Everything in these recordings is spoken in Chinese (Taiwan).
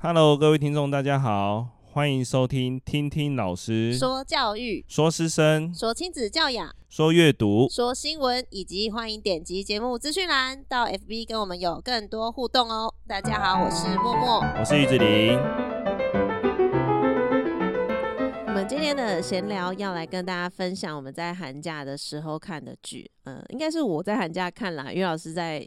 Hello，各位聽眾，大家好，歡迎收聽聽聽老師說教育、說師生、說親子教養、說閱讀、說新聞，以及歡迎點擊節目資訊欄到 FB 跟我們有更多互動哦。大家好，我是莫莫，我是魚子陵。我們今天的閒聊要來跟大家分享我們在寒假的時候看的劇，嗯、呃，應該是我在寒假看啦，魚老師在。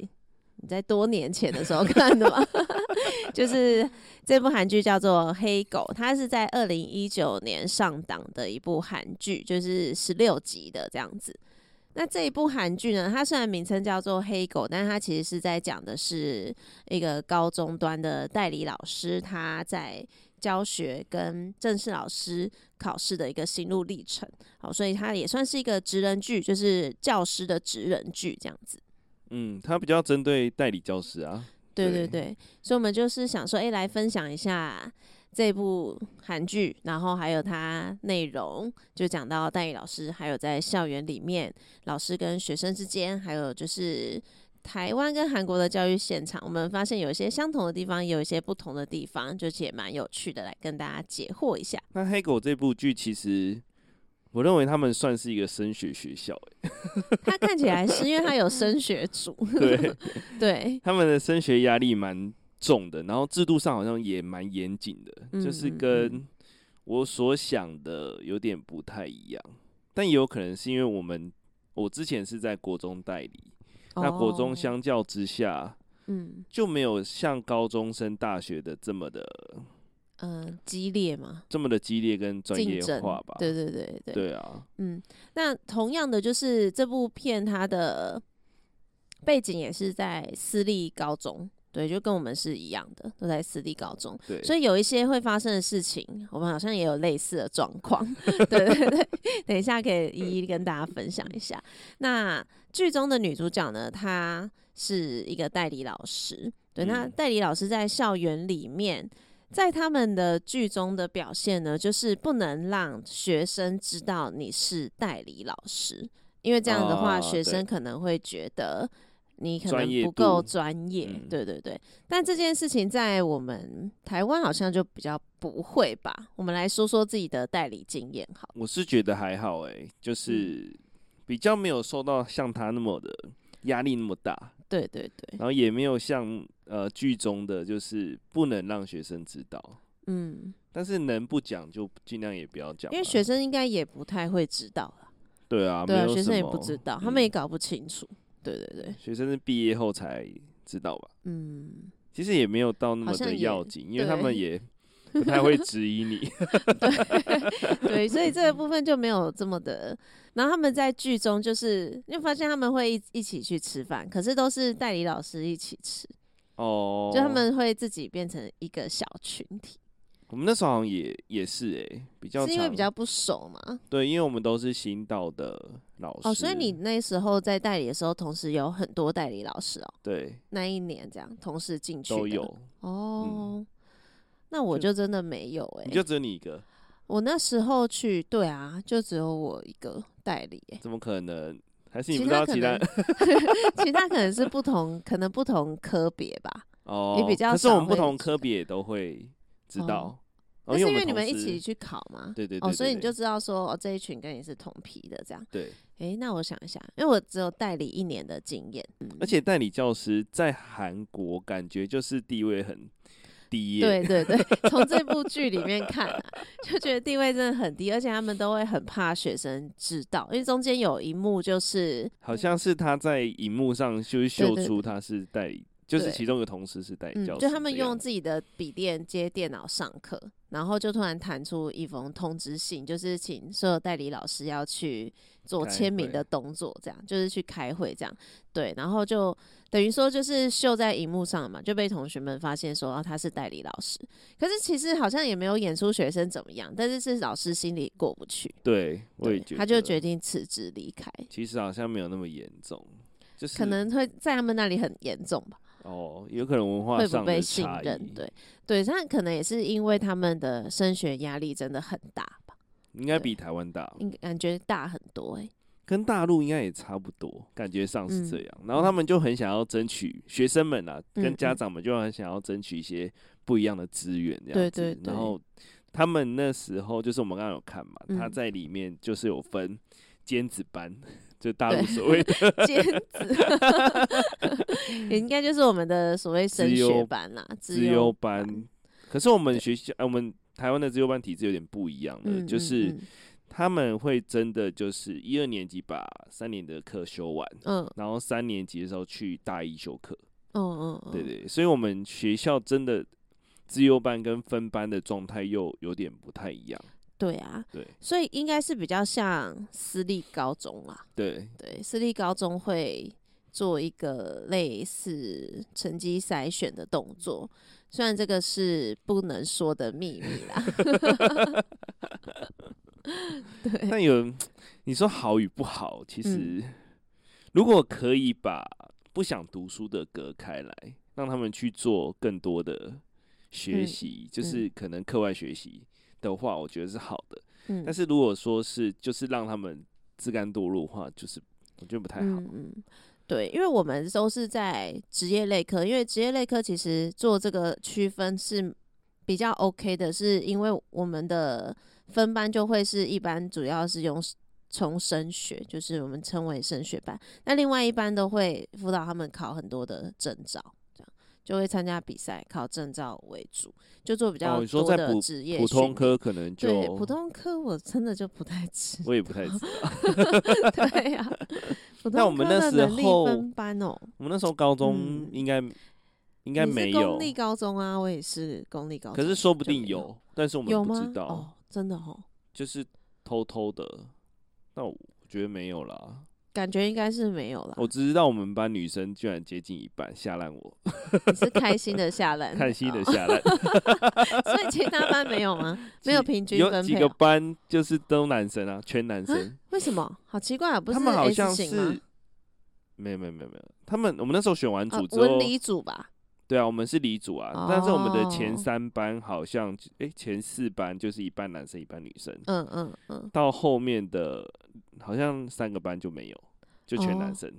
你在多年前的時候看的嗎？ 就是這部韓劇叫做《黑狗》，它是在二零一九年上檔的一部韓劇，就是十六集的這樣子。那這一部韓劇呢，它雖然名稱叫做《黑狗》，但它其實是在講的是一個高中端的代理老師，他在教學跟正式老師考試的一個心路歷程。好，所以它也算是一個職人劇，就是教師的職人劇這樣子。嗯，他比較針對代理教師啊對。對對對，所以我們就是想說，哎、欸，來分享一下這部韓劇，然後還有它內容，就講到代理老師，還有在校園裡面老師跟學生之間，還有就是台灣跟韓國的教育現場，我們發現有一些相同的地方，也有一些不同的地方，就且、是、蠻有趣的，來跟大家解惑一下。那《黑狗》這部劇其實。我認為他們算是一個升學學校，欸，他看起來是因為他有升學組， 對對，他們的升學壓力蠻重的，然後制度上好像也蠻嚴謹的，嗯，就是跟我所想的有點不太一樣，嗯嗯，但也有可能是因為我們，我之前是在國中代理，哦、那國中相較之下，嗯、就沒有像高中升大學的這麼的。嗯、呃，激烈嘛？這麼的激烈跟專業化吧？對對對對。對啊，嗯，那同樣的就是這部片它的背景也是在私立高中，對，就跟我們是一樣的，都在私立高中，對，所以有一些會發生的事情，我們好像也有類似的狀況， 對對對，等一下可以一一跟大家分享一下。 那劇中的女主角呢，她是一個代理老師，對，那、嗯、代理老師在校園裡面。在他們的劇中的表現呢，就是不能讓學生知道你是代理老師，因為這樣的話，啊、學生可能會覺得你可能不夠專業。專業度。對對對，但這件事情在我們台灣好像就比較不會吧？我們來說說自己的代理經驗，好。我是覺得還好、欸，哎，就是比較沒有受到像他那麼的壓力那麼大。對對對，然後也沒有像呃劇中的，就是不能讓學生知道，嗯，但是能不講就盡量也不要講，因為學生應該也不太會知道啦。對啊，對啊沒有，學生也不知道，他們也搞不清楚。嗯，對對對，學生是畢業後才知道吧？嗯，其實也沒有到那麼的要緊，因為他們也。 不太會質疑你 對，對，所以這個部分就沒有這麼的。然後他們在劇中就是，你發現他們會一一起去吃飯，可是都是代理老師一起吃哦，就他們會自己變成一個小群體。我們那時候好像也也是哎、欸，比較是因為比較不熟嘛。對，因為我們都是新到的老師。哦，所以你那時候在代理的時候，同時有很多代理老師哦、喔。對，那一年這樣同時進去都有哦。嗯那我就真的沒有哎、欸，你就只有你一個。我那時候去，對啊，就只有我一個代理、欸。怎麼可能？還是你不知道其他？其他 其他可能是不同， 可能不同科別吧。哦，你比較，但是我們不同科別也都會知道。那、哦哦、是因為你們一起去考嘛？對對，對，對哦，所以你就知道說，哦，這一群跟你是同批的這樣。對。哎、欸，那我想一下，因為我只有代理一年的經驗、嗯，而且代理教師在韓國感覺就是地位很。低、欸，對對對，從這部劇裡面看、啊， 就覺得地位真的很低，而且他們都會很怕學生知道，因為中間有一幕就是，好像是他在熒幕上就秀、秀出他是代理，對對對，就是其中一個同事是代教、嗯，就他們用自己的筆電接電腦上課， 然後就突然彈出一封通知信，就是請所有代理老師要去。做簽名的動作，這樣就是去開會，這樣對，然後就等於說就是秀在熒幕上嘛，就被同學們發現說他是代理老師，可是其實好像也沒有演出學生怎麼樣，但是是老師心裡過不去，對，我也覺得他就決定辭職離開。其實好像沒有那麼嚴重，就是可能會在他們那裡很嚴重吧。哦，有可能文化會不被信任，對對，但可能也是因為他們的升學壓力真的很大。應該比台灣大，應，感覺大很多哎、欸，跟大陸應該也差不多，感覺上是這樣、嗯。然後他們就很想要爭取學生們啊、嗯，跟家長們就很想要爭取一些不一樣的資源，這樣子對對對。然後他們那時候就是我們剛剛有看嘛、嗯，他在裡面就是有分尖子班，嗯、 就大陸所謂的尖子，也 應該就是我們的所謂升學班啦、啊，資優班，班。可是我們學校、啊、我們。台灣的資優班體制有點不一樣的、嗯，就是他們會真的就是一二年級把三年的課修完，嗯，然後三年級的時候去大一修課，嗯嗯，嗯對，對對，所以我們學校真的資優班跟分班的狀態又、嗯嗯嗯、又有點不太一樣，對啊，對，所以應該是比較像私立高中啦，對對，對，私立高中會做一個類似成績篩選的動作。雖然這個是不能說的秘密啦 對。但有你說好與不好，其實如果可以把不想讀書的隔開來，讓他們去做更多的學習，嗯，就是可能課外學習的話，我覺得是好的，嗯。但是如果說是就是讓他們自甘墮落的話，就是我覺得不太好。嗯嗯對，因為我們都是在職業類科，因為職業類科其實做這個區分是比較 OK 的，是因為我們的分班就會是一般主要是用從升學，就是我們稱為升學班，那另外一班都會輔導他們考很多的證照。就會參加比賽，考證照為主，就做比較多的職業、哦你說在普。普通科可能就對普通科，我真的就不太知。我也不太知道， 對呀、啊。那、哦、我們那時候，能力分班哦。我們那時候高中應該、嗯、應該沒有。公立高中啊，我也是公立高中，可是說不定有，有但是我們不知道哦，真的哦，就是偷偷的，那我覺得沒有啦。感覺應該是沒有了。我只知道我們班女生居然接近一半，嚇爛我！ 你是開心的嚇爛， 開心的嚇爛。 所以其他班沒有嗎？沒有平均分、啊、幾有幾個班就是都男生啊，全男生。啊、為什麼？好奇怪啊，不是？他們好像是沒有沒有沒有沒有。他們我們那時候選完組之後，文、啊、理組吧。對啊，我們是理組啊，但是我們的前三班好像，誒、哦欸、前四班就是一半男生一半女生，嗯嗯嗯，到後面的，好像三個班就沒有，就全男生。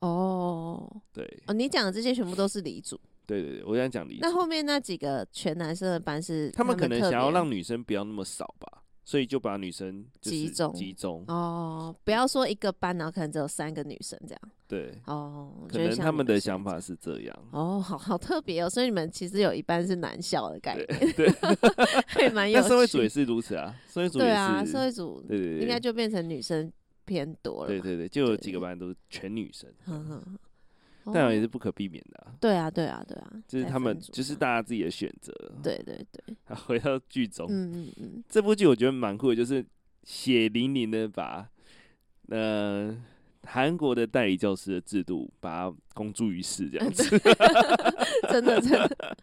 哦，對，哦，你講的這些全部都是理組。對對對，我想講理組。那後面那幾個全男生的班是？他們可能想要讓女生不要那麼少吧，所以就把女生集中集中哦，不要說一個班然後可能只有三個女生這樣。對哦，oh, 可能他們的想法是這樣哦、oh,，好好特別哦，所以你們其實有一半是男校的概念，對，對 有趣 那有社會組也是如此啊，社會組對啊，社會組應該就變成女生偏多了，對對對，就有幾個班都是全女生，哈哈，但也是不可避免的、啊， 對啊對啊對啊，就是他們、啊、就是大家自己的選擇，對對對，回到劇中，嗯嗯嗯，這部劇我覺得蠻酷的，就是血淋淋的把，嗯、呃。韓國的代理教師的制度，把它公諸於世這樣子，真、嗯、的 真的，真的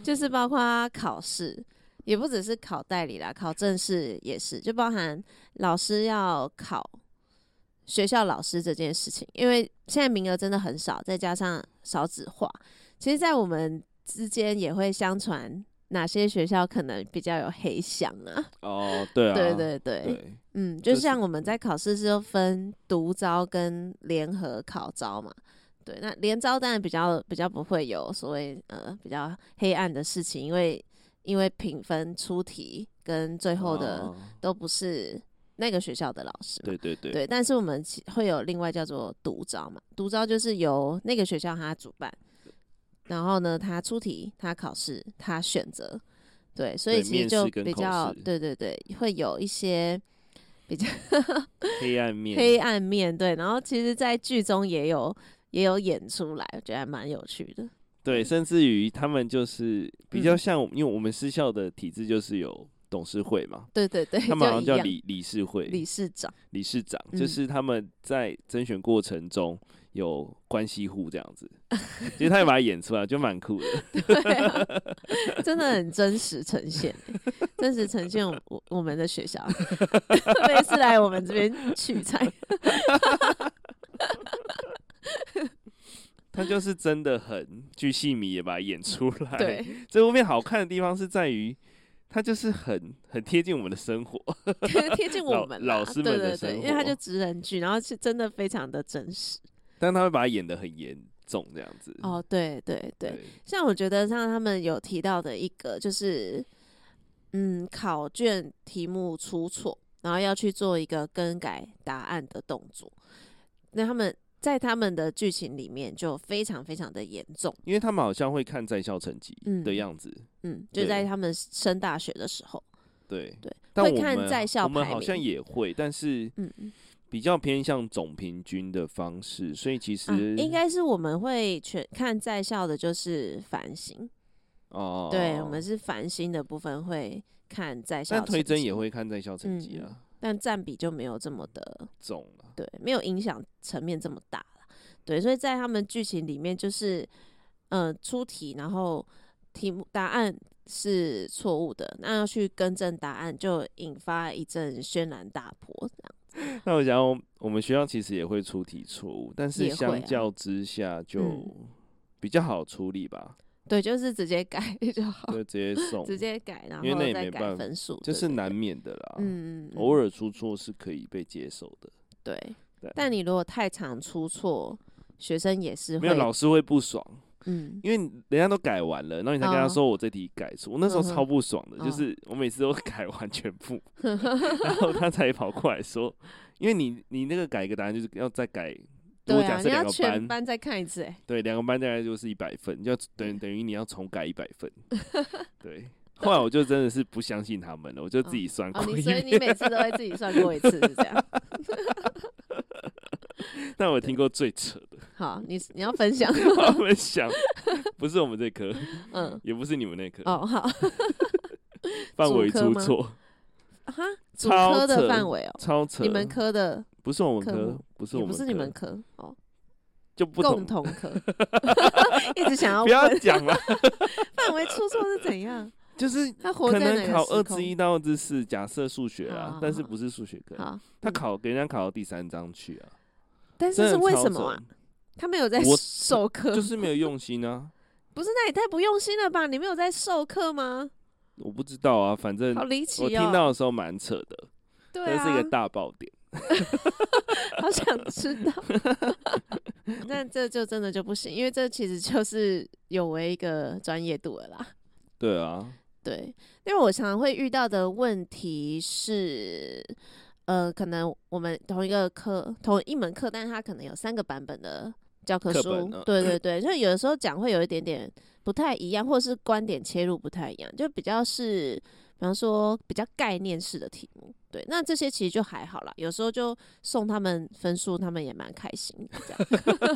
就是包括考試，也不只是考代理啦，考正式也是，就包含老師要考學校老師這件事情，因為現在名額真的很少，再加上少子化，其實，在我們之間也會相傳哪些學校可能比較有黑箱啊。哦，對、啊，對對對。對嗯，就像我們在考試時候，分獨招跟聯合考招嘛，對，那聯招當然比較比較不會有所謂呃，比較黑暗的事情，因為因為評分、出題跟最後的都不是那個學校的老師。啊，對對對，對，但是我們會有另外叫做獨招嘛，獨招就是由那個學校他主辦，然後呢，他出題、他考試、他選擇，對，所以其實就比較對，對對對，會有一些。比較黑暗面，黑暗面對，然後其實，在劇中也有也有演出來，我覺得還蠻有趣的。對，甚至於他們就是比較像、嗯，因為我們私校的體制就是有。董事會嘛，對對對，他們好像叫理理事會，理事長，理事長，嗯、就是他們在甄選過程中有關係戶這樣子。 其實他也把他演出來，就蠻酷的， 對、啊，真的很真實呈現、欸，真實呈現我們 我，我們的學校，也 是來我們這邊取材。 他就是真的很巨細迷也把他演出來，對，這方面好看的地方是在於。他就是很很貼近我們的生活，貼 近我們老、老師們的生活，對對對，因為他就職人劇，然後是真的非常的真實，但他會把它演得很嚴重這樣子。哦，對對對、對，像我覺得像他們有提到的一個就是，嗯，考卷題目出錯，然後要去做一個更改答案的動作，那他們。在他們的劇情裡面就非常非常的嚴重，因為他們好像會看在校成績的樣子，嗯，就在他們升大學的時候，對對但，會看在校排名，我們好像也會，但是嗯比較偏向總平均的方式，嗯、所以其實、啊、應該是我們會全看在校的，就是繁星哦、啊，對，我們是繁星的部分會看在校成績，但推甄也會看在校成績啊，嗯、但佔比就沒有這麼的重了。對，沒有影響層面這麼大。對，所以在他們劇情裡面就是，嗯、呃，出題然後題目答案是錯誤的，那要去更正答案，就引發一陣軒然大波這樣子。那我想，我們學校其實也會出題錯誤，但是相較之下就比較好處理吧。啊嗯、對，就是直接改就好，對直接送，直接改，然後再改分數，這、就是難免的啦。嗯嗯，偶爾出錯是可以被接受的。對，但你如果太常出錯，學生也是會沒有，老師會不爽。嗯，因為人家都改完了，然後你才跟他說我這題改錯，哦、我那時候超不爽的、哦。就是我每次都改完全部， 然後他才跑過來說，因為你你那個改一個答案就是要再改，對、啊，你要全班再看一次、欸。對，兩個班大概就是一百分，要等等於你要重改一百分。 對。後來我就真的是不相信他們了，我就自己算過一次，哦哦。所以你每次都會自己算過一次，是這樣？ 但我有聽過最扯的。好，你你要分享。分享，不是我們這科， 嗯，也不是你們那科。哦，好。範 圍 出錯？哈、 啊，主科的範圍哦，超扯。你們科的不是我們科，科不，不是我們，不是你們科哦，就不同共同科。 一直想要分不要講嘛？範 圍 出錯是怎樣？就是可能他活在考二之一到二之四，假設數學啦、啊，但是不是數學課？他考給人家考到第三章去啊？但是，是為什麼啊？啊？他沒有在授課，就是沒有用心啊？ 不是，那也太不用心了吧？你沒有在授課嗎？我不知道啊，反正好離奇啊！我聽到的時候蠻扯的，對、哦、是一個大爆點。啊、 好想知道，那 這就真的就不行，因為這其實就是有違一個專業度了啦。對啊。對，因為我常常會遇到的問題是，呃，可能我們同一個課，同一門課，但是他可能有三個版本的教科書，啊、對對對，就有的時候講會有一點點不太一樣，或是觀點切入不太一樣，就比較是。比方說比較概念式的題目，對，那這些其實就還好啦。有時候就送他們分數，他們也蠻開心的。這樣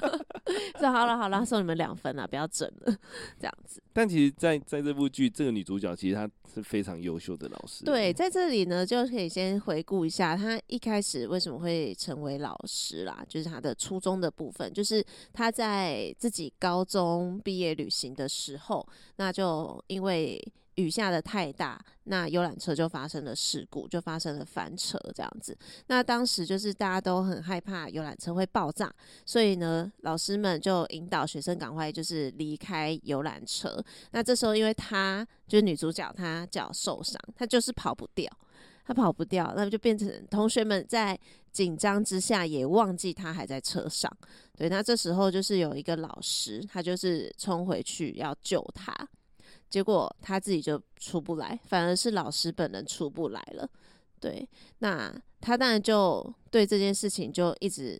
說 好了，好了，送你們兩分了，不要整了。這樣子。但其實在，在在這部劇，這個女主角其實她是非常優秀的老師。對，在這裡呢，就可以先回顧一下她一開始為什麼會成為老師啦，就是她的初衷的部分，就是她在自己高中畢業旅行的時候，那就因為。雨下得太大，那遊覽車就發生了事故，就發生了翻車這樣子。那當時就是大家都很害怕遊覽車會爆炸，所以呢，老師們就引導學生趕快就是離開遊覽車。那這時候，因為她就是女主角他，她腳受傷，她就是跑不掉，她跑不掉，那就變成同學們在緊張之下也忘記她還在車上。對，那這時候就是有一個老師，他就是衝回去要救她。結果他自己就出不來，反而是老師本人出不來了。對，那他當然就對這件事情就一直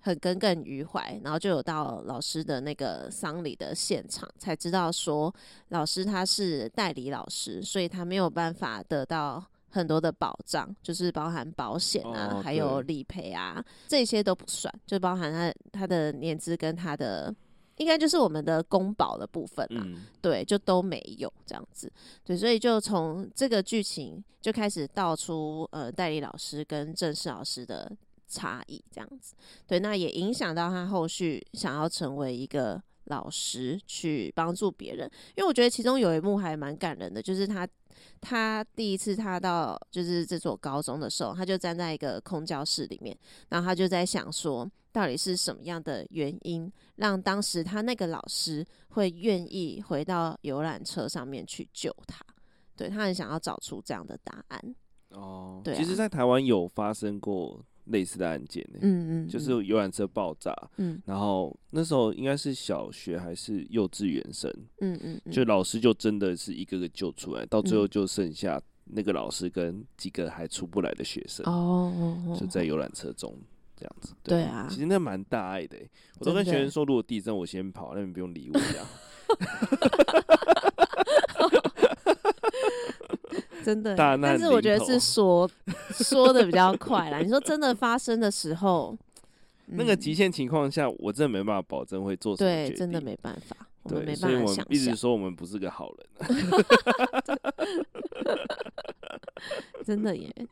很耿耿於懷，然後就有到老師的那個喪禮的現場，才知道說老師他是代理老師，所以他沒有辦法得到很多的保障，就是包含保險啊，哦、還有理賠啊，這些都不算，就包含他他的年資跟他的。應該就是我們的公保的部分啦、嗯，對，就都沒有這樣子，對，所以就從這個劇情就開始道出呃代理老師跟正式老師的差異這樣子，對，那也影響到他後續想要成為一個老師去幫助別人，因為我覺得其中有一幕還蠻感人的，就是他他第一次他到就是這所高中的時候，他就站在一個空教室裡面，然後他就在想說。到底是什麼樣的原因，讓當時他那個老師會願意回到遊覽車上面去救他？對，他很想要找出這樣的答案。哦，對啊，其實，在台灣有發生過類似的案件呢。嗯嗯，嗯嗯，就是遊覽車爆炸，嗯，然後那時候應該是小學還是幼稚園生，嗯，嗯嗯，就老師就真的是一個個救出來，到最後就剩下那個老師跟幾個還出不來的學生。哦，就在遊覽車中。對，對啊，其實那蠻大愛的。我都跟學生說，如果地震我先跑，那你不用理我這樣。哈 哈 真的，但是我覺得是說 說的比較快啦。你說真的發生的時候， 嗯、那個極限情況下，我真的沒辦法保證會做什麼決定。對，真的沒辦法。我們沒辦法想對，所以我們一直說我們不是個好人。 真的耶，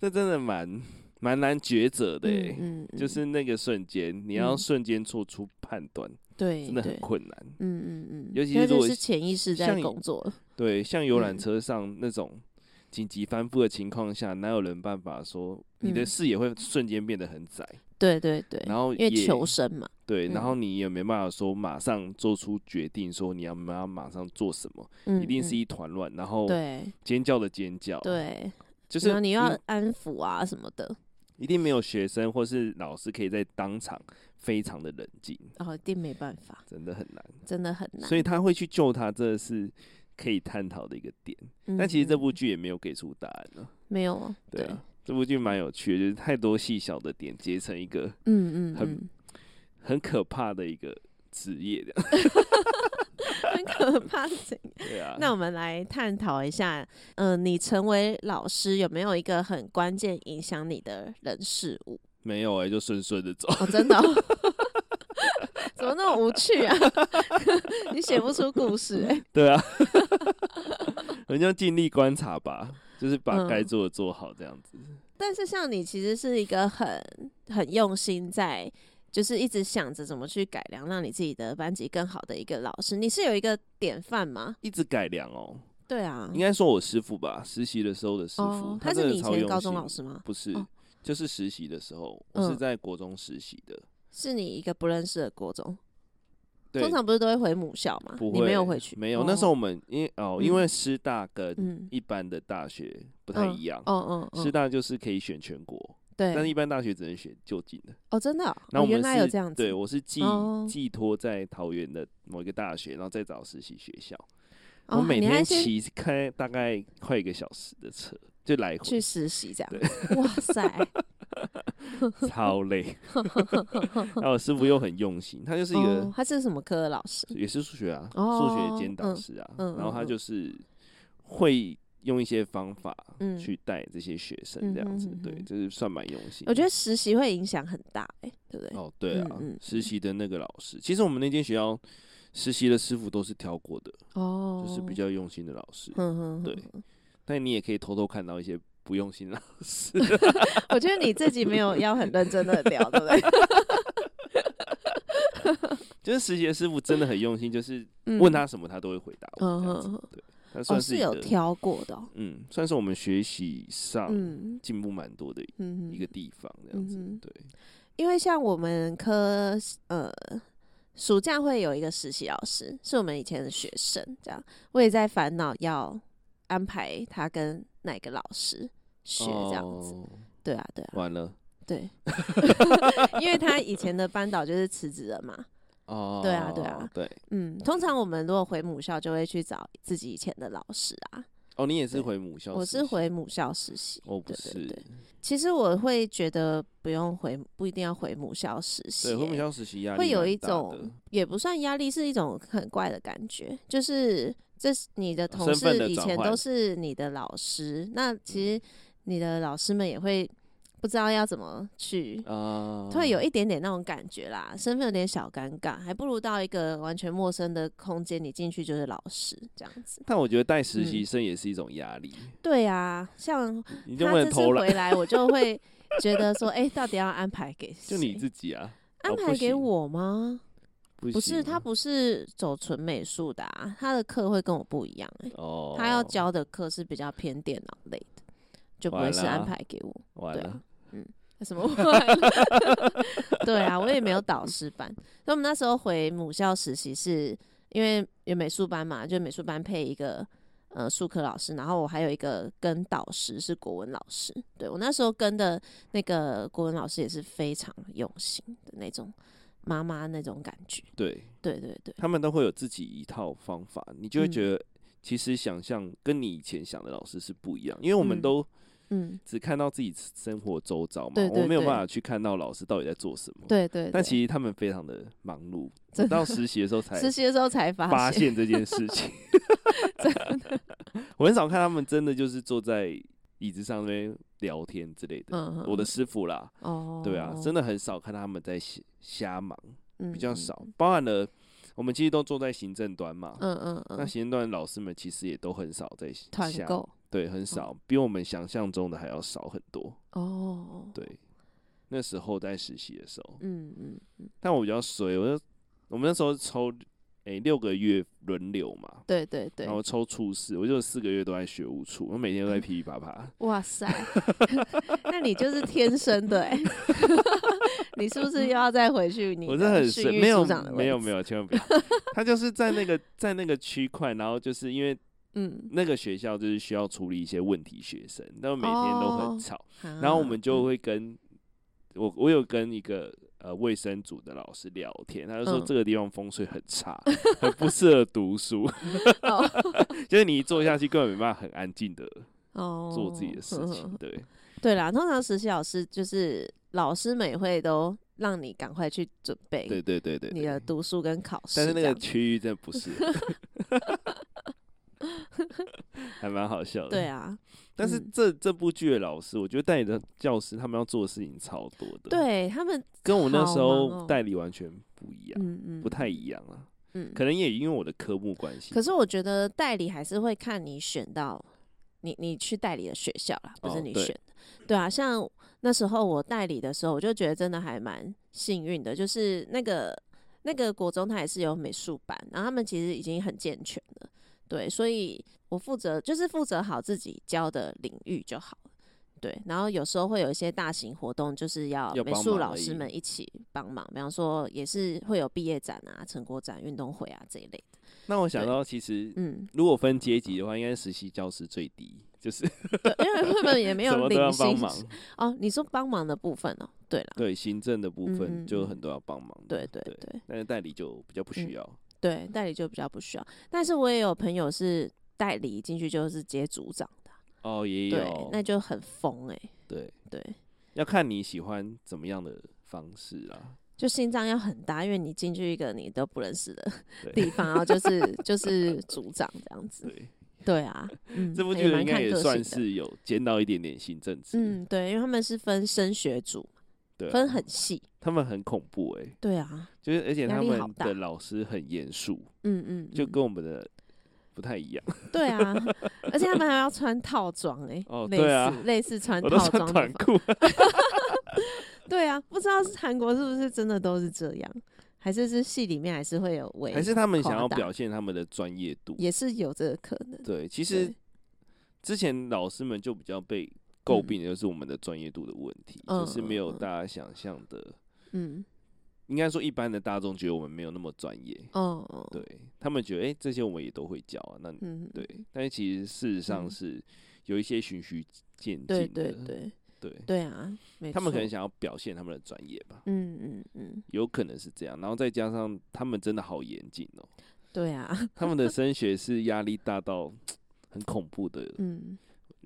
這真的蠻。蠻難抉擇的、欸嗯嗯，就是那個瞬間、嗯，你要瞬間做出判斷，對，真的很困難。嗯嗯嗯，尤其是潛意識在工作。對，像游覽車上那種緊急翻覆的情況下、嗯，哪有人辦法說、嗯、你的視野會瞬間變得很窄？對對對。然後因為求生嘛。對，然後你也沒辦法說馬上做出決定，說你要不要馬上做什麼？嗯、一定是一團亂。然後尖叫的尖叫，對，就是然後你要安撫啊什麼的。一定沒有學生或是老師可以在當場非常的冷靜哦，一定沒辦法，真的很難，真的很難，所以他會去救他，這是可以探討的一個點、嗯。但其實這部劇也沒有給出答案了、啊，沒有啊。對，這部劇蠻有趣的，就是太多細小的點結成一個，嗯嗯，嗯，很很可怕的一個。職業的， 很可怕的，對啊，那我們來探討一下，嗯、呃，你成為老師有沒有一個很關鍵影響你的人事物？沒有哎、欸，就順順的走，哦、真的、喔？ 怎麼那麼無趣啊？ 你寫不出故事哎、欸？對啊，人家盡力觀察吧，就是把該做的做好這樣子。嗯、但是像你，其實是一個很很用心在就是一直想着怎麼去改良，讓你自己的班級更好的一個老師，你是有一個典範嗎？一直改良哦。對啊。應該說我師傅吧，實習的時候的師傅、哦。他是你以前高中老師嗎？不是，哦、就是實習的時候，我是在國中實習的、嗯。是你一個不認識的國中？對。通常不是都會回母校嗎？不會，你沒有回去。沒有。哦、那時候我們因為哦、嗯，因為師大跟一般的大學不太一樣。嗯嗯。師大就是可以選全國。對，但是一般大學只能選就近的，哦，真的、哦。那我們是、哦、原來有這樣子，對我是寄、哦、寄托在桃園的某一個大學，然後再找實習學校。我、哦、每天騎開大概快一個小時的車，哦、就來回去實習這樣。哇塞， 超累。 然後師傅又很用心，他就是一個、哦，他是什麼科的老師？也是數學啊，數、哦、學兼導師啊、嗯。然後他就是會。用一些方法，去帶這些學生這樣子，嗯、對、嗯哼哼，就是算蠻用心的。我覺得實習會影響很大、欸，哎，對不對？哦，對啊，嗯嗯，實習的那個老師，其實我們那間學校實習的師傅都是挑過的，哦、嗯，就是比較用心的老師，哦、對、嗯哼哼，但你也可以偷偷看到一些不用心的老師。 我覺得你自己沒有要很認真的聊，對 不 對？就是實習的師傅真的很用心，就是問他什麼他都會回答我這樣子、嗯、對。它是哦，是有挑過的、哦，嗯，算是我們學習上進步蠻多的一個地方，這樣子，對、嗯嗯嗯嗯嗯嗯。因為像我們科，呃，暑假會有一個實習老師，是我們以前的學生，這樣，我也在煩惱要安排他跟哪個老師學，這樣子，哦、對啊，啊、對，啊，完了，對，因為他以前的班導就是辭職了嘛。哦，對啊，對啊，對，嗯，通常我們如果回母校，就會去找自己以前的老師啊。哦，你也是回母校？我是回母校實習。哦，不是，對對對，其實我會覺得不用回，不一定要回母校實習、欸。對，回母校實習壓力會有一種，也不算壓力，是一種很怪的感覺。就是，這是你的同事以前都是你的老師，啊、那其實你的老師們也會。不知道要怎麼去，突、uh, 然有一點點那種感覺啦，身份有點小尷尬，還不如到一個完全陌生的空間，你進去就是老師這樣子。但我覺得帶實習生也是一種壓力、嗯。對啊，像他這次回來，我就會覺得說，哎、 欸，到底要安排給誰？就你自己啊？安排給我嗎？Oh, 不，不是，他不是走純美術的、啊，他的課會跟我不一樣、欸。哦、oh.，他要教的課是比較偏電腦類的，就不會是安排給我。對、啊。嗯，什麼？ 對啊，我也沒有導師班。所 以我們那時候回母校實習，是因為有美術班嘛，就美術班配一個呃術科老師，然後我還有一個跟導師是國文老師。對，我那時候跟的那個國文老師也是非常用心的那種媽媽那種感覺。對對對對，他們都會有自己一套方法，你就會覺得其實想象跟你以前想的老師是不一樣，嗯、因為我們都。嗯嗯，只看到自己生活周遭嘛，對對對，我沒有辦法去看到老師到底在做什麼。對對，對，但其實他們非常的忙碌，直到實習的時候才 實習的時候才發現，發現這件事情。 真的 我很少看他們真的就是坐在椅子上面聊天之類的。嗯、我的師傅啦，哦、嗯，對啊，真的很少看他們在瞎瞎忙、嗯，比較少。包含了我們其實都坐在行政端嘛，嗯嗯，嗯那行政端老師們其實也都很少在團購。對，很少，哦、比我們想象中的還要少很多。哦，對，那時候在實習的時候，嗯嗯，但我比較衰，我就我們那時候抽，哎、欸，六個月輪流嘛，對對對，然後抽處室，我就四個月都在學務處，我每天都在噼噼啪啪、嗯。哇塞， 那你就是天生的、欸， 你是不是又要再回去？你的我是很衰 沒有長的沒有沒有千萬不要， 他就是在那個在那個區塊，然後就是因為。嗯，那個學校就是需要處理一些問題學生，那每天都很吵、哦。然後我們就會跟，嗯、我我有跟一個呃衛生組的老師聊天，他就說這個地方風水很差，嗯、 不適合讀書， 哦、 就是你一坐下去根本沒辦法很安靜的做自己的事情。對、哦嗯、對啦，通常實習老師就是老師每回都讓你趕快去準備，對對對對，你的讀書跟考試。但是那個區域真的不是。 還蠻好笑的，對啊。但是這這部劇的老師，我覺得代理的教師他們要做的事情超多的。對他們跟我那時候代理完全不一樣，嗯嗯，不太一樣啊。嗯，可能也因為我的科目關係。可是我覺得代理還是會看你選到你你去代理的學校啦，不是你選的。對啊，像那時候我代理的時候，我就覺得真的還蠻幸運的，就是那個那個國中它也是有美術班，然後他們其實已經很健全了。對，所以我負責就是負責好自己教的領域就好了。對，然後有時候會有一些大型活動，就是要美術老師們一起幫忙，幫忙，比方說也是會有畢業展啊、成果展、運動會啊這一類的。那我想到，其實嗯，如果分階級的話，嗯、應該實習教師最低，就是對 因為他們也沒有零什麼幫忙哦。你說幫忙的部分哦，對了，對行政的部分就很多要幫忙的、嗯，對對對，對，但是代理就比較不需要。嗯對，代理就比較不需要，但是我也有朋友是代理進去就是接組長的哦，也有，對那就很瘋哎、欸，對對，要看你喜歡怎麼樣的方式啊，就心臟要很大，因為你進去一個你都不認識的地方啊，然後就是就是組長這樣子，對對啊，嗯、這部劇應該也算是有兼到一點點行政職，嗯對，因為他們是分升學組。對、啊，分很細。他們很恐怖哎、欸。對啊，就是而且他們的老師很嚴肅，嗯嗯，就跟我們的不太一樣。嗯嗯嗯 對啊，而且他們還要穿套裝哎、欸，哦類似對啊，類似，類似穿套裝短褲。 對啊，不知道是韓國是不是真的都是這樣，還是是戲裡面還是會有位。還是他們想要表現他們的專業度，也是有這個可能。對，其實之前老師們就比較被。詬病就是我們的專業度的問題，嗯，就是沒有大家想象的，嗯，應該說一般的大眾覺得我們沒有那麼專業，嗯，對，他們覺得誒，欸，這些我們也都會教啊，那嗯，對，但是其實事實上是有一些循序漸進的，嗯，對對對，對，對，對啊，他們可能想要表現他們的專業吧，嗯嗯嗯，有可能是這樣，然後再加上他們真的好嚴謹哦，對啊，他們的升學是壓力大到很恐怖的，嗯。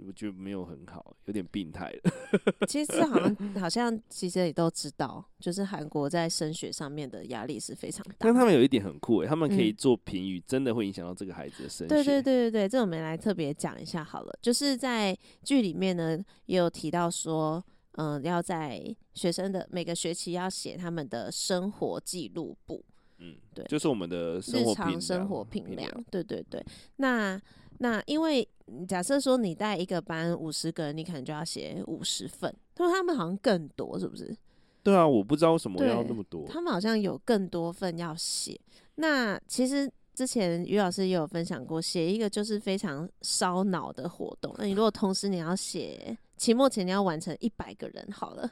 我覺得沒有很好，有點病態了。 其實好像好像，好像其實你都知道，就是韓國在升學上面的壓力是非常大。但他們有一點很酷，欸，他們可以做評語，嗯，真的會影響到這個孩子的升學。對對對對對，這我們來特別講一下好了。就是在劇裡面呢，也有提到說，嗯、呃，要在學生的每個學期要寫他們的生活記錄簿。嗯，對，就是我們的日常生活評量，量。對對對，那。那因為假設說你帶一個班五十個人，你可能就要寫五十份。他說他們好像更多，是不是？對啊，我不知道為什麼要那麼多。他們好像有更多份要寫。那其實之前魚老師也有分享過，寫一個就是非常燒腦的活動。那你如果同時你要寫，期末前你要完成一百個人，好了，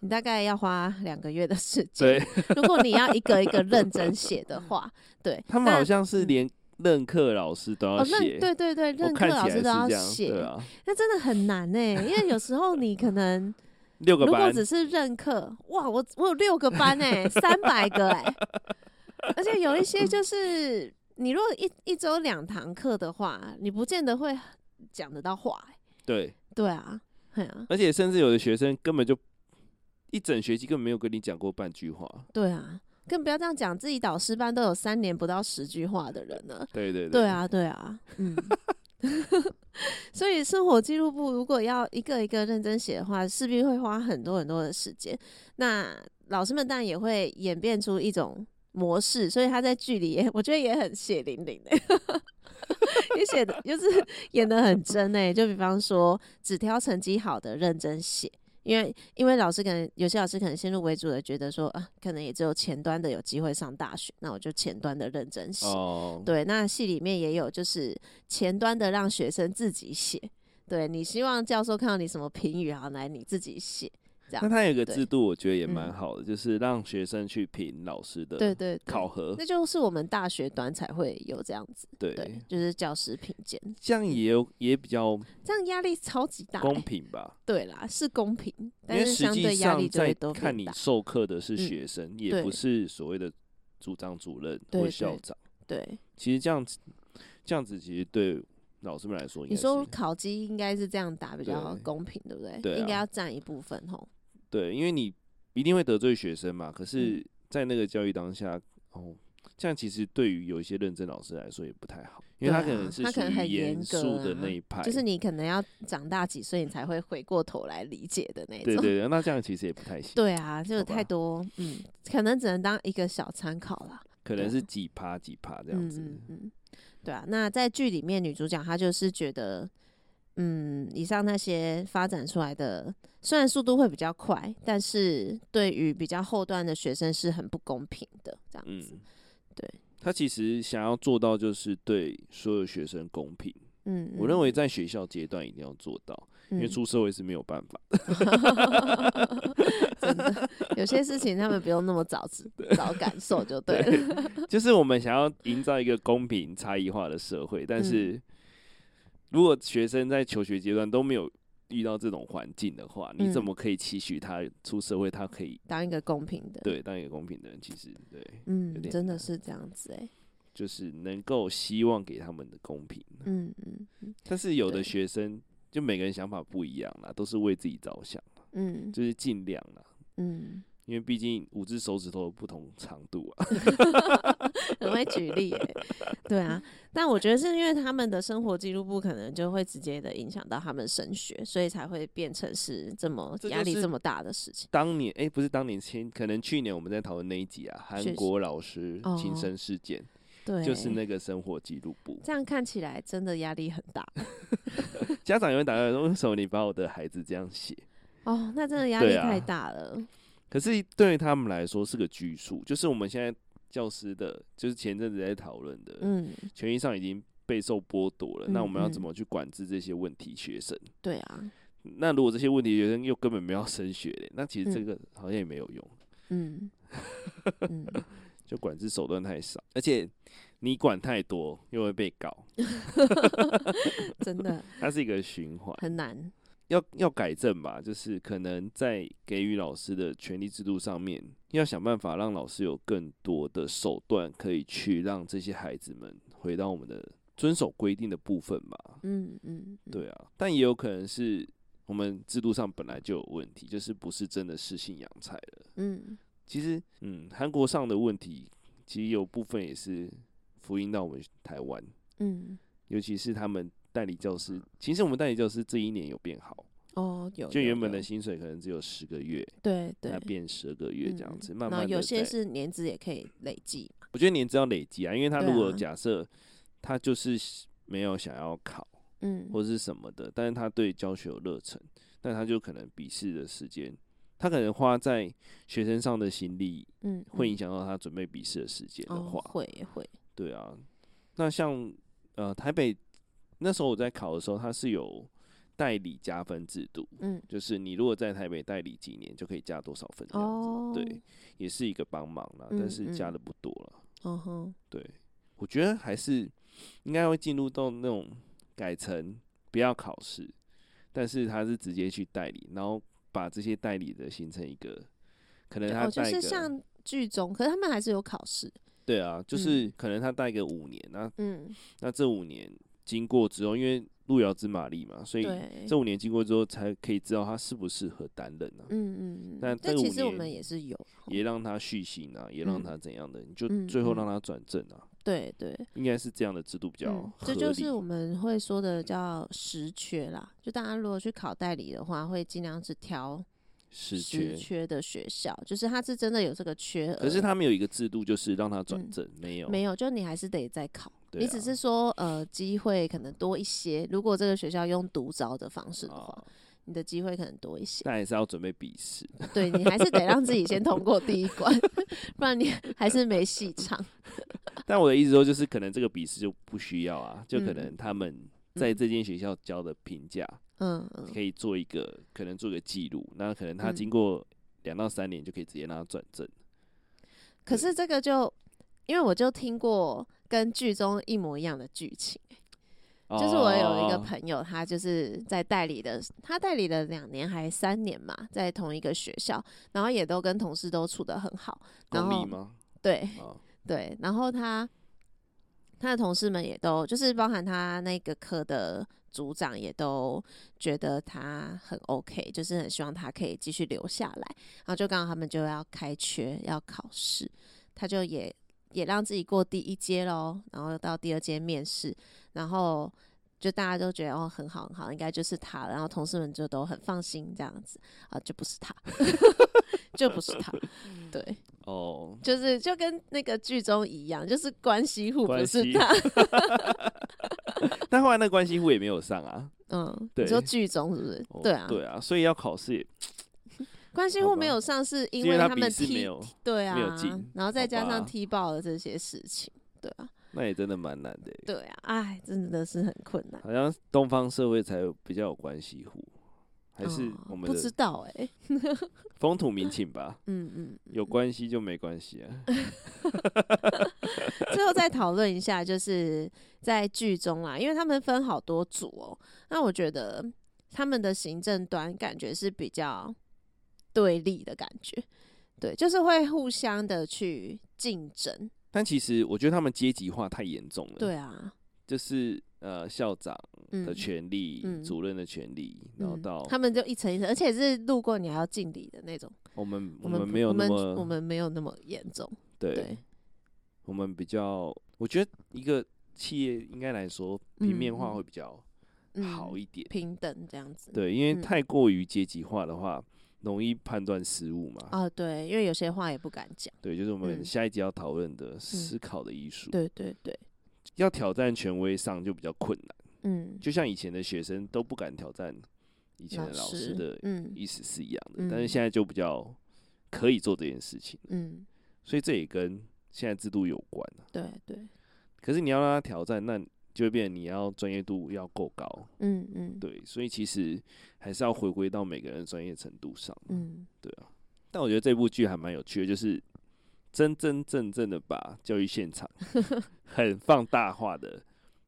你大概要花兩個月的時間。對，如果你要一個一個認真寫的話， 對，他們好像是連、嗯。任課老師都要寫、哦，對對對，任課老師都要寫，那、啊、真的很難呢、欸，因為有時候你可能 如果只是任課，哇，我我有六個班哎、欸， 三百個、欸、 而且有一些就是你如果一一周兩堂課的話，你不見得會講得到話、欸，對，對啊，對啊，而且甚至有的學生根本就一整學期根本沒有跟你講過半句話，對啊。更不要這樣講，自己導師班都有三年不到十句話的人呢。對對對，對啊對啊，嗯。 所以生活記錄簿如果要一個一個認真寫的話，勢必會花很多很多的時間。那老師們當然也會演變出一種模式，所以他在劇裡也，我覺得也很血淋淋、欸、 寫的，也寫的就是演的很真呢、欸。就比方說，只挑成績好的認真寫。因為，因為老師可能有些老師可能先入為主的覺得說，啊，可能也只有前端的有機會上大學，那我就前端的認真寫。Oh. 對，那系裡面也有，就是前端的讓學生自己寫。對，你希望教授看到你什麼評語啊，然後來你自己寫。那他有一個制度，我覺得也蠻好的。嗯，就是讓學生去評老師的考核對對對。那就是我們大學端才會有這樣子，對，對就是教師評鑑。這樣也有、嗯，也比較這樣壓力超級大，公平吧？對啦，是公平，但是相對壓力因為實際上多。在看你授課的是學生，嗯、也不是所謂的組長、主任或校長對對對。對，其實這樣子，這樣子其實對老師們來說是，你說考績應該是這樣打比較公平，對不對？對，對啊、應該要占一部分吼。對，因為你一定會得罪學生嘛。可是，在那個教育當下，哦，這樣其實對於有一些認真老師來說也不太好，因為他可能是他可能很嚴肅的那一派，啊，就是你可能要長大幾歲，你才會回過頭來理解的那種。對對對，那這樣其實也不太行。 對啊，就有太多，嗯，可能只能當一個小參考了。可能是幾趴幾趴這樣子。嗯嗯，對啊。那在劇裡面，女主角她就是覺得。嗯，以上那些發展出來的，雖然速度會比較快，但是對於比較後段的學生是很不公平的，這樣子，嗯、對他其實想要做到就是對所有學生公平。嗯，嗯，我認為在學校階段一定要做到，因為出社會是沒有辦法的。嗯、 真的，有些事情他們不用那麼早 早感受就對了。對，就是我們想要營造一個公平差異化的社會，但是。嗯如果學生在求學階段都沒有遇到這種環境的話，你怎麼可以期許他出社會，嗯、他可以當一個公平的？對，當一個公平的人，其實對，嗯，真的是這樣子哎、欸，就是能夠希望給他們的公平，嗯嗯，嗯，但是有的學生就每個人想法不一樣啦，都是為自己着想，嗯，就是盡量啦。嗯。因為畢竟五隻手指頭的不同長度啊， 很會舉例、欸，對啊，但我覺得是因為他們的生活記錄簿可能就會直接的影響到他們升學，所以才會變成是這麼壓力這麼大的事情。當年哎、欸，不是當年前，可能去年我們在討論那一集啊，韓國老師輕生事件，對，哦，就是那個生活記錄簿。這樣看起來真的壓力很大 ，家長也會打來問為什麼你把我的孩子這樣寫？哦，那真的壓力太大了。啊可是對於他們來說是個拘束，就是我們現在教師的，就是前陣子在討論的，嗯，權益上已經備受剝奪了、嗯。那我們要怎麼去管制這些問題學生？對、嗯、啊，那如果這些問題學生又根本沒有升學咧，那其實這個好像也沒有用。嗯， 就管制手段太少，而且你管太多又會被搞， 真的，它是一個循環，很難。要要改正吧，就是可能在給予老師的權力制度上面，要想辦法讓老師有更多的手段，可以去讓這些孩子們回到我們的遵守規定的部分吧。嗯嗯，嗯，對啊，但也有可能是我們制度上本來就有問題，就是不是真的適性揚才了。嗯，其實，嗯，韓國上的問題，其實有部分也是複印到我們台灣。嗯，尤其是他們。代理教師，其實我們代理教師這一年有變好哦，有，就原本的薪水可能只有十個月，對對，那變十二個月這樣子，嗯、慢慢有些是年資也可以累積。我覺得年資要累積啊，因為他如果假設他就是沒有想要考，嗯，或者是什麼的、嗯，但是他對教學有熱忱，但他就可能筆試的時間，他可能花在學生上的心力、嗯，嗯，會影響到他準備筆試的時間的話，哦、會會。對啊，那像呃台北。那時候我在考的時候，他是有代理加分制度，嗯，就是你如果在台北代理幾年，就可以加多少分這樣子，哦，對，也是一個幫忙啦，嗯，但是加的不多了，嗯哼，嗯，對，我覺得還是應該會進入到那種改成不要考試，但是他是直接去代理，然後把這些代理的形成一個，可能他就是像劇中，可是他們還是有考試，對啊，就是可能他待個五年那，嗯，那，那這五年，經過之後，因為路遙知馬力嘛，所以這五年經過之後，才可以知道他適不適合擔任呢？啊。嗯嗯嗯。但其實我們也是有，也讓他續薪啊、嗯，也讓他怎樣的，你就最後讓他轉正啊。對、嗯嗯嗯、對。應該是這樣的制度比較好、嗯。這就是我們會說的叫實缺啦，就大家如果去考代理的話，會盡量是挑，是缺，缺的學校，就是他是真的有這個缺額，可是他們有一個制度，就是讓他轉正、嗯，沒有，沒有，就你還是得再考，啊、你只是說呃機會可能多一些。如果這個學校用獨招的方式的話，哦、你的機會可能多一些，但也是要準備筆試， 對你還是得讓自己先通過第一關， 不然你還是沒戲唱。 但我的意思說，就是可能這個筆試就不需要啊，就可能他們在這間學校教的評價。嗯嗯嗯，嗯，可以做一個，可能做個記錄，那可能他經過兩到三年就可以直接讓他轉正、嗯。可是這個就，因為我就聽過跟劇中一模一樣的劇情哦哦哦哦哦，就是我有一個朋友，他就是在代理的，他代理了兩年還三年嘛，在同一個學校，然後也都跟同事都處得很好，公立嗎？對、哦、對，然後他他的同事們也都就是包含他那個課的。組長也都覺得他很 OK，就是很希望他可以繼續留下來。然後就剛好他們就要開缺要考試，他就也也讓自己過第一階咯，然後到第二階面試，然後。就大家都覺得哦，很好很好，應該就是他了，然後同事們就都很放心這樣子啊，就不是他， 就不是他，對，哦，就是就跟那個劇中一樣，就是關係戶不是他， 但後來那個關係戶也沒有上啊，嗯，對你說劇中是不是？對啊，哦、對啊，所以要考試， 關係戶沒有上是因為他們踢，對啊，然後再加上踢爆了這些事情，吧，對啊。那也真的蠻難的，欸。對啊，哎，真的是很困難。好像東方社會才有比較有關係戶，還是我們的，哦，不知道哎，欸， 風土民情吧。嗯嗯，有關係就沒關係啊。嗯嗯， 最後再討論一下，就是在劇中啊， 因為他們分好多組哦，喔，那我覺得他們的行政端感覺是比較對立的感覺，對，就是會互相的去競爭。但其實我覺得他們階級化太嚴重了。對啊。就是呃，校長的權力，嗯、主任的權力，嗯、然後到他們就一層一層，而且是路過你還要敬禮的那種。我們我們沒有那麼我們，我們沒有那麼嚴重對。對。我們比較，我覺得一個企業應該來說，平面化會比較好一點，嗯嗯、平等這樣子。對，因為太過於階級化的話。嗯容易判斷失誤嘛？啊，對，因為有些話也不敢講。對，就是我們下一集要討論的思考的藝術，嗯嗯。對對對，要挑戰權威上就比較困難。嗯，就像以前的學生都不敢挑戰以前的老師的，嗯，意思是一樣的，嗯。但是現在就比較可以做這件事情。嗯，所以這也跟現在制度有關啊，對對，可是你要讓他挑戰，那。就變，你要專業度要夠高，嗯嗯，對，所以其實還是要回歸到每個人的專業程度上，嗯，對啊。但我覺得這部劇還蠻有趣的，就是真真正正的把教育現場 很放大化的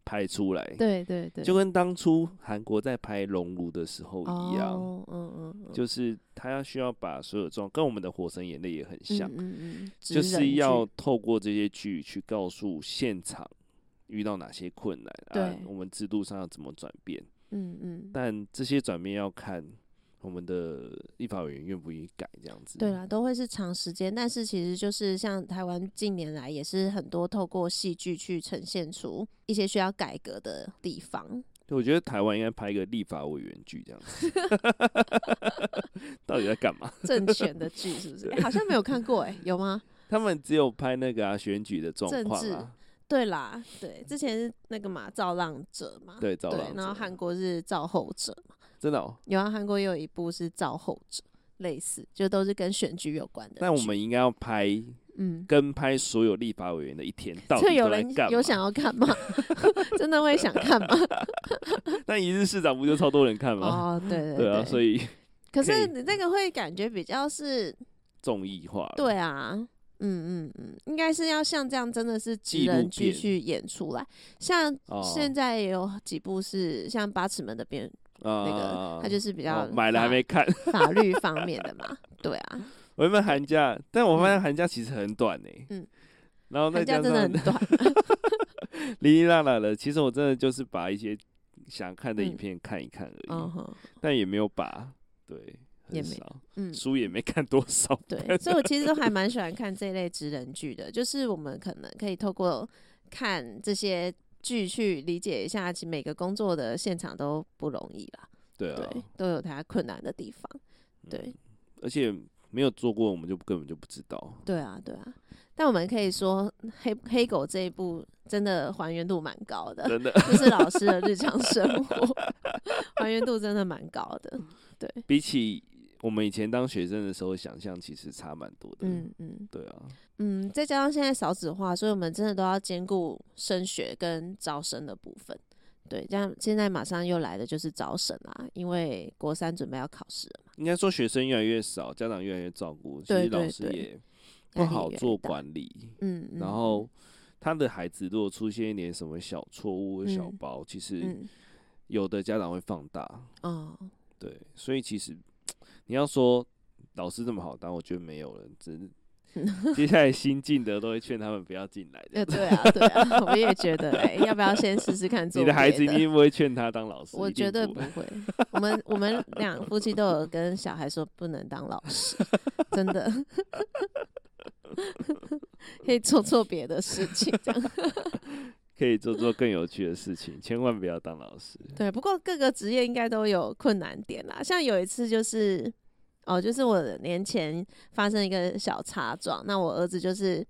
拍出來， 對對對，就跟當初韓國在拍《熔爐》的時候一樣，嗯嗯，就是他要需要把所有狀跟我們的《火神的眼淚》演的也很像，嗯嗯嗯，就是要透過這些劇去告訴現場。遇到哪些困難？對，我們制度上要怎麼轉變？嗯嗯。但這些轉變要看我們的立法委員願不願意改，這樣子。對啊，都會是長時間。但是其實就是像台灣近年來也是很多透過戲劇去呈現出一些需要改革的地方。對，我覺得台灣應該拍一個立法委員劇，這樣子。 到底在幹嘛？政權的劇是不是？欸，好像沒有看過誒，欸，有嗎？他們只有拍那個啊，選舉的狀況啊。對啦，對，之前是那個嘛，造浪者嘛，對，對，造浪者。然後韓國是造後者嘛，真的哦？有啊，韓國也有一部是造後者，類似，就都是跟選舉有關的。但我們應該要拍，嗯，跟拍所有立法委員的一天，到底都來幹嘛？有，有想要看嗎？ 真的會想看嗎？那一日市長不就超多人看嗎？哦、oh，對對對，對啊，所以，可是那個會感覺比較是，綜藝化。對啊。嗯嗯嗯，應該是要像這樣，真的是職人劇去演出來。像現在也有幾部是像八尺門的辯，那個他就是比較買了還沒看法律方面的嘛。哦、 對啊，我一般寒假，但我發現寒假其實很短呢、欸。嗯，然後那寒假真的很短，哩哩啦啦的。其實我真的就是把一些想看的影片、嗯、看一看而已，哦、但也沒有把對。也沒，嗯，書也沒看多少。對，所以我其實都還蠻喜歡看這類職人劇的， 就是我們可能可以透過看這些劇去理解一下，其實每個工作的現場都不容易啦。對啊，對，都有他困難的地方。對，嗯，而且沒有做過，我們就根本就不知道。對啊，對啊。但我們可以說，《黑黑狗》這一部真的還原度蠻高的，真的。就是老師的日常生活， 還原度真的蠻高的。對，比起。我們以前當學生的時候，想象其實差蠻多的。嗯嗯，對啊，嗯，再加上現在少子化，所以我們真的都要兼顧升學跟招生的部分。對，這樣現在馬上又來的就是招生啊，因為國三準備要考試了嘛。應該說學生越來越少，家長越來越照顧，所以老師也不好做管理。嗯嗯。然後他的孩子如果出現一點什麼小錯誤、小包、嗯，其實有的家長會放大。哦、嗯，對，所以其實。你要說老師這麼好當，但我覺得沒有了。真接下來新進的都會勸他們不要進來的、。 嗯、對啊，對啊，我也覺得，欸、 要不要先試試看做別的？你的孩子，一定不會勸他當老師？我絕對不會。 我們我們兩夫妻都有跟小孩說不能當老師，真的 可以做做別的事情。這樣。 可以做做更有趣的事情， 千萬不要當老師。對，不過各個職業應該都有困難點啦。像有一次就是，哦，就是我年前發生一個小插樁。那我兒子就是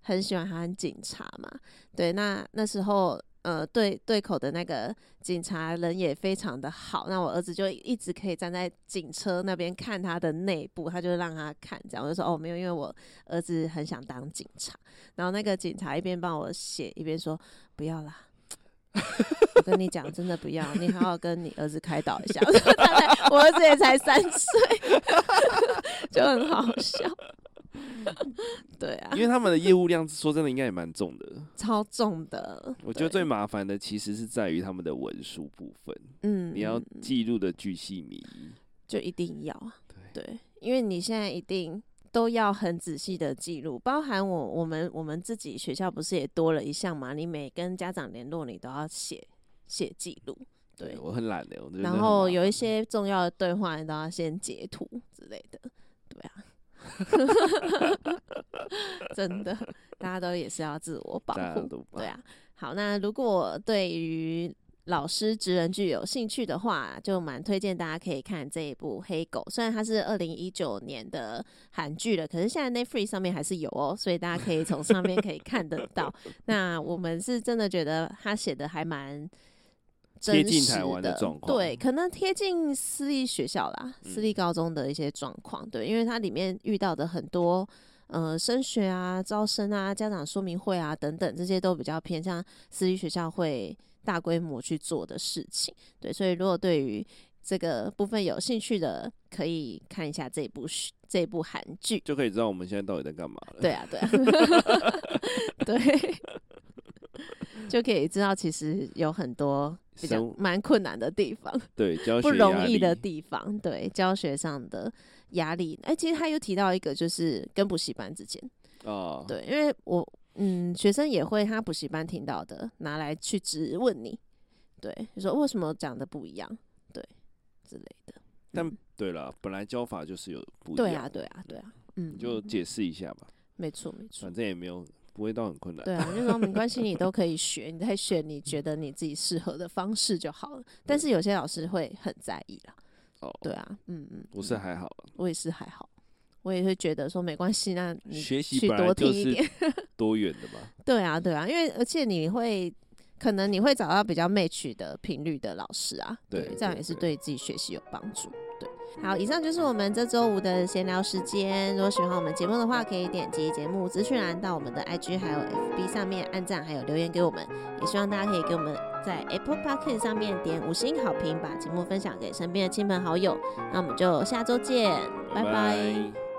很喜歡他當警察嘛，對，那那時候。呃，對，對口的那個警察人也非常的好，那我兒子就一直可以站在警車那邊看他的內部，他就讓他看，這樣我就說哦，沒有，因為我兒子很想當警察，然後那個警察一邊幫我寫，一邊說不要啦。 我跟你講，真的不要，你好好跟你兒子開導一下。我 說他才，我兒子也才三歲， 就很好笑。 對啊，因為他們的業務量， 說真的，應該也蠻重的，超重的。我覺得最麻煩的其實是在於他們的文書部分，嗯，你要記錄的巨細靡遺，就一定要，對，對，因為你現在一定都要很仔細的記錄，包含我我們我們自己學校不是也多了一項嘛？你每跟家長聯絡，你都要寫寫記錄。對，我很懶的，然後有一些重要的對話，你都要先截圖之類的，對啊。 真的，大家都也是要自我保護，對啊。好，那如果對於老師職人劇有興趣的話，就蠻推薦大家可以看這一部《黑狗》，雖然它是二零一九年的韓劇了，可是現在 Netflix 上面還是有哦，所以大家可以從上面可以看得到。 那我們是真的覺得他寫的還蠻。貼近台灣的狀況，對，可能貼近私立學校啦、嗯，私立高中的一些狀況，對，因為它裡面遇到的很多，呃，升學啊、招生啊、家長說明會啊等等，這些都比較偏向私立學校會大規模去做的事情，對，所以如果對於這個部分有興趣的，可以看一下這一部這部韓劇，就可以知道我們現在到底在幹嘛了。對啊，對啊 對。就可以知道，其實有很多比較蠻困難的地方，對，不容易的地方，對，教學，教學上的壓力。哎、欸，其實他又提到一個，就是跟補習班之間哦，oh. 對，因為我嗯，學生也會他補習班聽到的，拿來去質問你，對，就是、說為什麼講的不一樣，對之類的。但、嗯、對了，本來教法就是有不一樣，對啊，對啊，對啊，嗯，嗯，嗯，你就解釋一下吧。沒、嗯、錯、嗯，沒錯，反正也沒有。不會到很困難，對啊，就 說沒關係，你都可以學，你再選你覺得你自己適合的方式就好了。但是有些老師會很在意啦，哦，對啊，嗯嗯，我是還好、啊，我也是還好，我也會覺得說沒關係，那你學習去多聽一點，就是多元的吧？ 對啊，對啊，因為而且你會可能你會找到比較 match 的頻率的老師啊，對，對對對，這樣也是對自己學習有幫助，對。好，以上就是我們這周五的閒聊時間。如果喜歡我們節目的話，可以點擊節目資訊欄到我們的 IG 還有 FB 上面按讚還有留言給我們。也希望大家可以給我們在 Apple Podcast 上面點五星好評，把節目分享給身邊的親朋好友。那我們就下周見，拜拜。拜拜。